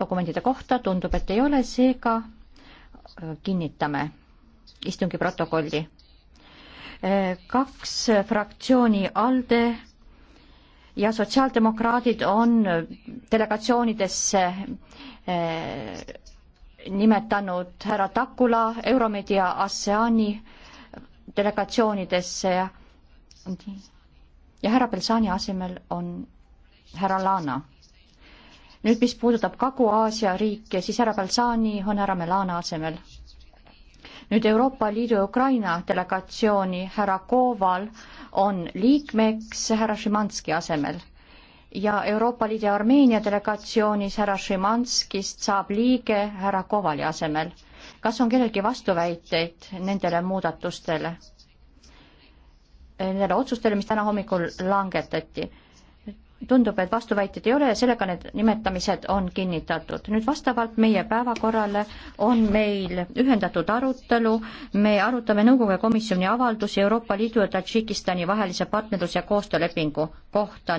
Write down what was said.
dokumentide kohta tundub, et ei ole, seega äh, kinnitame istungi protokolli. Äh, kaks fraktsiooni ALDE ja sotsiaaldemokraadid on delegatsioonidesse äh, nimetanud härra Takula Euromedia ASEAN-i delegatsioonidesse ja ja härra Belsani asemel on härra Lana nüüd, mis puudutab Kagu-Aasia riike, siis härra Balsani on härra Melana asemel. nüüd Euroopa Liidu Ukraina delegatsiooni härra Koval on liikmeks härra Šimanski asemel ja Euroopa Liidu Armeenia delegatsioonis härra Šimanskist saab liige härra Kovali asemel. kas on kellelgi vastuväiteid nendele muudatustele, nendele otsustele, mis täna hommikul langetati? tundub, et vastuväiteid ei ole ja sellega need nimetamised on kinnitatud. nüüd vastavalt meie päevakorrale on meil ühendatud arutelu, me arutame nõukogu ja komisjoni avaldusi Euroopa Liidu ja Tadžikistani vahelise partnerlus- ja koostöölepingu kohta.